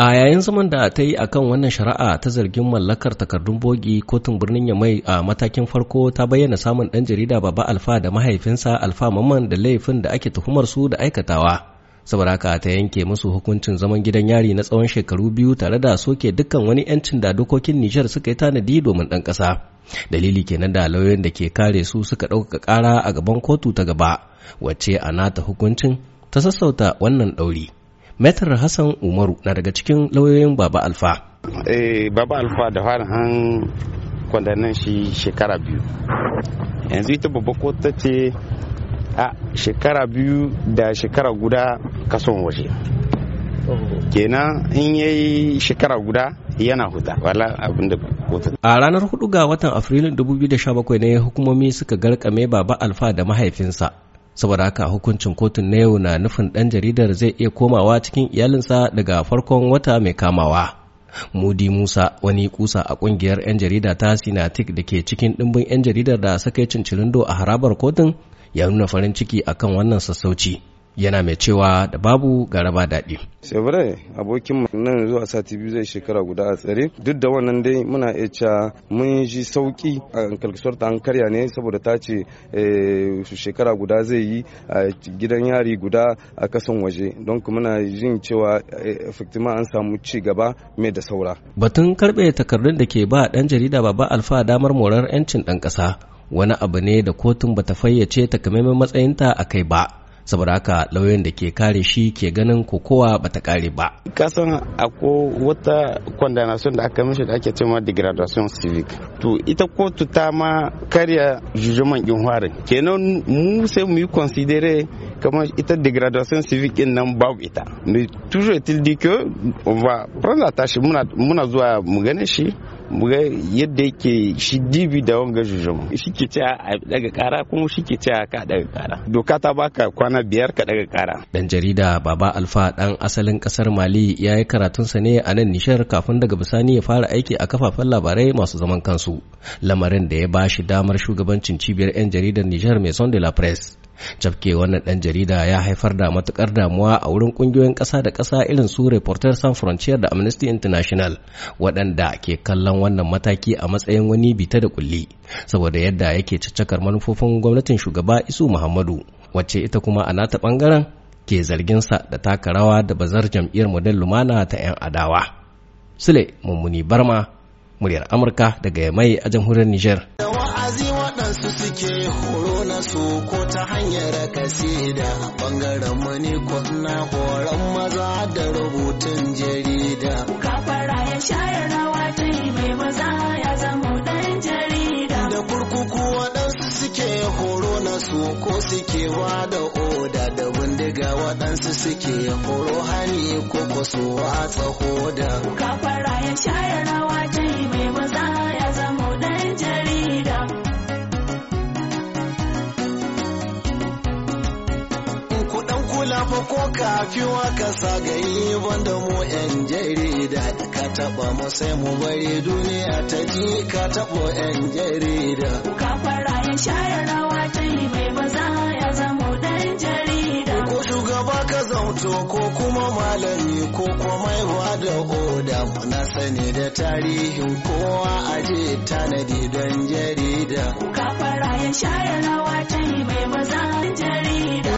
A yayin zaman da ta yi akan wannan shari'a ta zargin mallakar takardun bogi kotun birnin Yamai a matakin farko ta bayyana samun ɗan jarida Baba Alfa da mahaifinsa Alfa Maman da laifin da ake tuhumar su da aikatawa. Saboda haka ta yanke musu hukuncin zaman gidan yari na tsawon shekaru biyu tare da soke dukkan wani 'yancin da dokokin Nijar suka yi tanadi domin ɗan ƙasa. Dalili kenan da lauyoyin da ke kare su suka ɗaukaka ƙara a gaban kotu ta gaba, wacce a nata hukuncin ta sassauta wannan ɗauri. Metar Hassan Umaru na daga cikin lauyoyin Baba Alfa. Eh, Baba Alfa da fara an kwandannan shi shekara biyu. Yanzu ita babba ta ce a shekara biyu da shekara guda kason waje. kenan in yayi shekara guda yana huta wala abin da a ranar 4 ga watan afrilun 2017 ne hukumomi suka garkame baba alfa da mahaifinsa saboda haka hukuncin kotun na yau na nufin ɗan jaridar zai iya komawa cikin iyalinsa daga farkon wata mai kamawa mudi musa wani kusa a kungiyar 'yan jarida ta sinatik da ke cikin ɗimbin 'yan jaridar da suka yi cincirindo a harabar kotun ya nuna farin ciki akan wannan sassauci yana mai cewa da babu garaba daɗi. Sevre abokin nan zuwa sati biyu zai shekara guda a tsare duk da wannan dai muna iya cewa mun ji sauki a kalkisar ta an karya ne saboda ta ce eh, shekara guda zai yi a gidan yari guda a kasan waje don muna jin cewa eh, efektima an samu ci gaba mai da saura. Batun karɓe takardun da ke ba ɗan jarida Baba Alfa damar morar 'yancin ɗan ƙasa wani abu ne da kotun bata fayyace takamaiman matsayinta a kai ba. saboda haka lauyoyin da ke kare shi ke ganin kokowa ta kare ba kasan ako wata condemnation da aka mishi da ake cewa degradation civic to ita kotu ta ma karya jujuman in harin kenan mu sai mu yi kamar ita degradation civic din nan babu ita ne toujours est-il dit que on va prendre la tâche muna zuwa mu gane shi muga yadda yake shi dibi da wanga jujum shi ke ce a daga kara kuma shi ke ka daga kara doka ta baka kwana biyar ka daga kara dan jarida baba alfa dan asalin kasar mali ya yi karatunsa ne a nan nishar kafin daga bisani ya fara aiki a kafafen labarai masu zaman kansu lamarin da ya ba shi damar shugabancin cibiyar 'yan jaridar nishar mai son de la presse jabke wannan ɗan jarida ya haifar da matukar damuwa a wurin ƙungiyoyin ƙasa da ƙasa irin su reporter san frontier da amnesty international waɗanda ke kallon wannan mataki a matsayin wani bita da kulli saboda yadda yake caccakar manufofin gwamnatin shugaba isu muhammadu wacce ita kuma a nata ɓangaren ke zarginsa da taka rawa da bazar jam'iyyar model lumana ta 'yan adawa sule mummuni barma muryar amurka daga yamai a jamhuriyar niger waɗansu suke horo na su ko ta hanyar kasida bangaren mu ne ko na horon maza da rubutun jarida kafara ya shayar na wata yi mai maza ya zama ɗan jarida da kurkuku waɗansu suke horo na su ko suke wa da oda da bindiga waɗansu suke horo hani ko ko su watsa hoda kafara ya shayar na wata kula ba ko kafiwa ka sagayi da mu yan jarida ka taba mu sai mu bari duniya ta ji ka tabo yan jarida ka fara ya shayar rawa ta yi mai baza ya zamo dan jarida ko shugaba ka zauto ko kuma malami ko kuma da oda na sani da tarihin kowa aje tanadi don jarida ka fara ya shayar rawa ta yi mai baza jarida